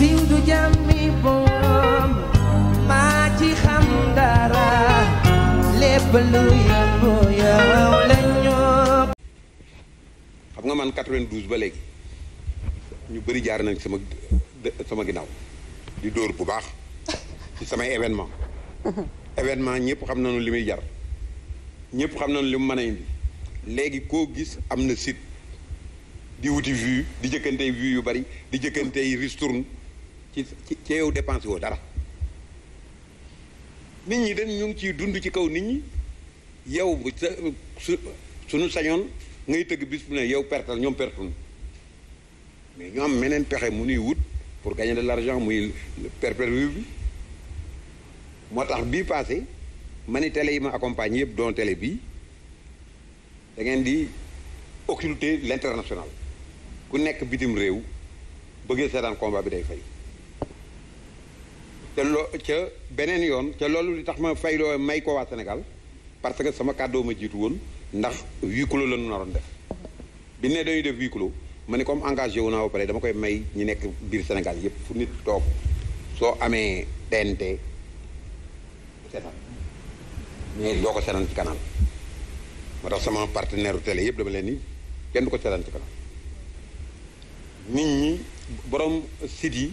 siiw du jàmmi boom maa ci xam dara lépp lu yëngu yow la ñoo xam nga man 92 ba léegi ñu bëri jaar nañ sama sama ginnaaw di dóor bu baax ci samay événement événement ñëpp xam nañu li muy jar ñëpp xam na li mu mën a indi léegi koo gis am na sit di wuti vue di jëkkante vue yu bari di jëkkante ristourne ci ci yow dépense woo dara nit ñi dañ ñu ci dund ci kaw nit ñi yow bu su suñu sañoon ngay tëgg bis bu ne yow pertal ñoom pertun mais ñu am meneen pexe mu nuy wut pour gagner de l'argent muy perpétuel bi moo tax bii passé ma ni télé yi ma accompagne yëpp doon télé bii da ngeen di occulter l'international ku nekk bitim réew bëggee seetaan combat bi day fay ca loo ca beneen yoon ca loolu li tax ma fayloo may ko waa Sénégal parce que sama kàddoo ma jiitu woon ndax huis clos la ñu naroon def bi ne dañuy def huis clos ma ne comme engagé wu naa ba pare dama koy may ñi nekk biir Sénégal yëpp fu nit toog soo amee TNT mu mais doo ko seetaan ci canal moo tax sama partenaire u télé yëpp dama leen ni kenn du ko seetaan ci nit ñi borom site yi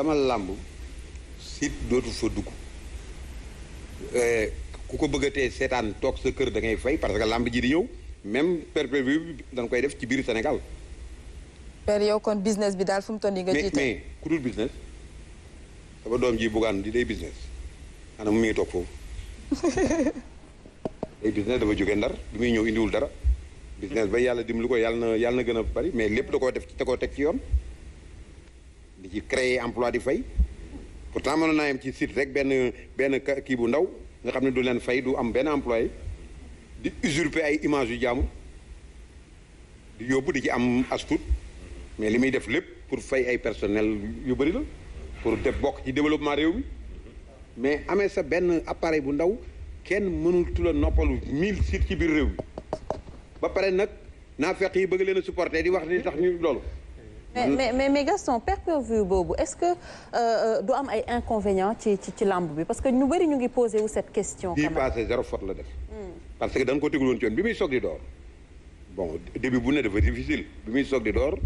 sama làmb sit dootul fa dugg eh, ku ko bëgg a tee seetaan toog sa kër da ngay fay parce que làmb ji di ñëw même per bi dañ koy def ci biir Sénégal. per yow kon business bi daal fu mu toll nga jiite mais mais ku dul business sama doom ji bugaan di day business maanaam mu ngi toog foofu. day business dafa jóge ndar bi muy ñëw indiwul dara. business ba yàlla lu ko yàlla na yàlla na gën a bari mais lépp da koo def da koo teg ci yoon. di ci créer emploi di fay pourtant mënoon naa yem ci site rek benn benn kii bu ndaw nga xam ne du leen fay du am benn employé di usurper ay image yu jaamu di yóbbu di ci am astut mais li muy def lépp pour fay ay personnel yu bëri la pour def bokk ci développement réew mi mais amee sa benn appareil bu ndaw kenn mënul tu la noppalu mille sites ci biir réew mi ba pare nag naa fekk yi bëgg leen a supporter di wax ni tax ñu loolu mais mais mais mais sont pay per est-ce que du am ay inconvénients ci ci ci lambou bi parce que ñu bari ñu ngi poser wu cette question. bii passé zéro faute la def. parce que dañ ko tegul won ci bi mi soog di dor. bon début bu né dafa difficile bi mi soog di dor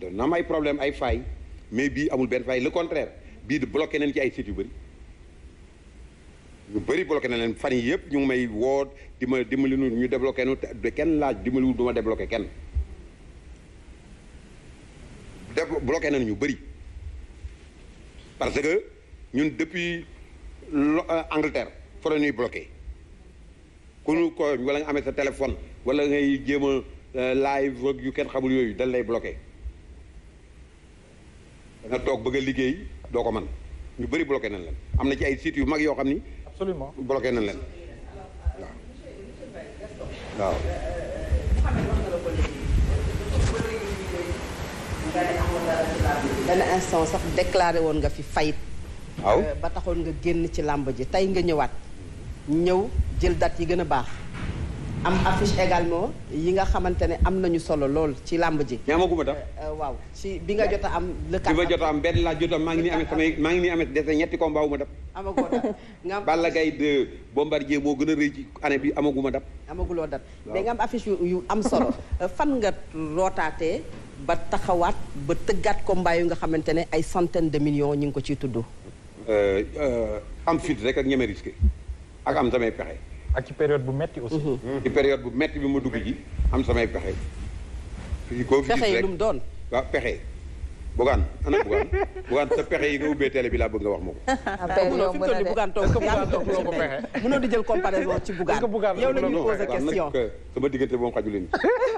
dana am ay problème ay failles mais bi amul ben faille le contraire bi de bloquer nañ ci ay sites yu bëri. ñu bari bloquer na fan yii yëpp ñu may woo di ma dimbali ñu débloquer ñu te kenn laaj dimbaliwul du duma débloquer kenn. bloqué nañu ñu bëri parce que ñun depuis lo euh, fa la ñuy bloqué ku ñu ko wala nga amee sa téléphone wala ngay jéem a euh, live yu kenn xamul yooyu dañ lay bloqué nga toog bëgg a liggéey doo ko mën ñu bëri bloqué nañ leen am na ci ay sites yu mag yoo xam ni. absolument bloqué nañ leen waaw. benn instant sax déclaré woon nga fi fayit waaw euh, ba taxoon nga génn ci làmb ji tey nga ñëwaat ñëw jël date yi gën a baax am affiche également yi nga xamante ne am nañu solo lool ci làmb ji. ñaa amaguma euh, euh, waaw ci bi nga jot a am. le bi ma jot a am laa jot maa ngi nii amee maa ngi nii amee ñetti combat wu ma dab. amagoo dab nga am Balla Gaye moo gën a rëy ci année bi amaguma dab. amaguloo dab mais nga am affiche yu am solo fan nga rootaatee. ba taxawat ba teggat ko yu nga xamantene ay centaines de millions ñing ko ci tuddu euh, euh am fit rek ak ñeme risqué ak am samay pexé ak ci période bu metti aussi. Mhm. Mhm. ci période bu metti bi ma dugg ji am samay pexé fi ko fi rek yi lu mu doon waaw pexe. Bougane ana Bougane Bougane sa pexé yi nga ubé télé bi la bëgg nga wax ñoo ko. toog tok ko toll tok Bougane pexé mëno di jël comparaison ci Bougane. yow la ñu poser question sama digënté bo xaju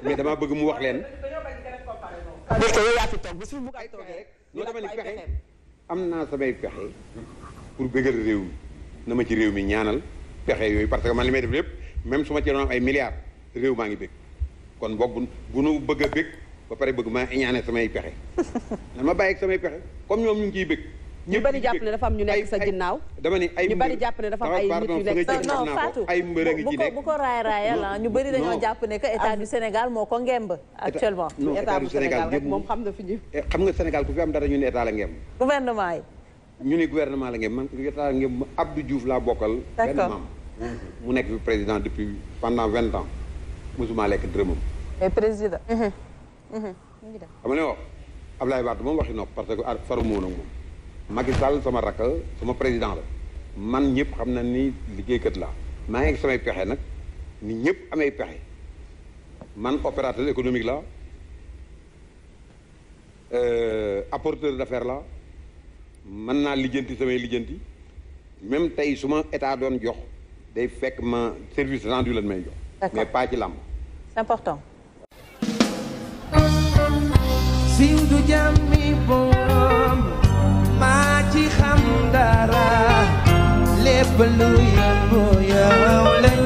mais dama bëgg mu wax leen. parce que yow yaa fi toog ay toogee rek. loolu dama ni pexe am naa samay pexe pour bëggal réew na ma ci réew mi ñaanal pexe yooyu parce que man li may lépp même su ma ci ay milliards réew maa ngi bég kon boog bu nu bëgg a ba pare bëgg maa ñaanal samay pexe nan ma bàyyi ak samay pexe comme ñoom ñu ngi ciy bëgg. ñu bari jàpp ne dafa am ñu nekk sa ginnaaw. dama ni ay ñu bari jàpp ne dafa am ah, ay nekk sa non bu ko bu ko raay raayal ah, ñu bari dañoo jàpp ne que état du Sénégal moo ko ngemb actuellement. état du Sénégal moom xam na fi ñu. Eh, xam nga Sénégal ku fi am dara ñu ne état la ngemb. gouvernement yi. ñu ne guvernement la ngemb man état la ngemb Abdou Diouf laa bokkal. benn maam mu nekk fi président depuis pendant vingt ans mosuma lekk dërëmam. mais président. Mhm. Mhm. xam nga ne wax Abdoulaye Wade moom waxi nopp parce que faru mu Macky Sall sama rakal sama président la man ñëpp xam na ni liggéey liggéeykat la maa ngi samay pexe nag ni ñëpp amay pexe man opérateur économique la euh, apporteur d'affaires la man naa lijjanti samay lijjanti même tey suma état doon jox day fekk ma service rendu lan may jox. mais pas ci làmb. c'est important. siiw du jàmmi borom cara Lepaluya mo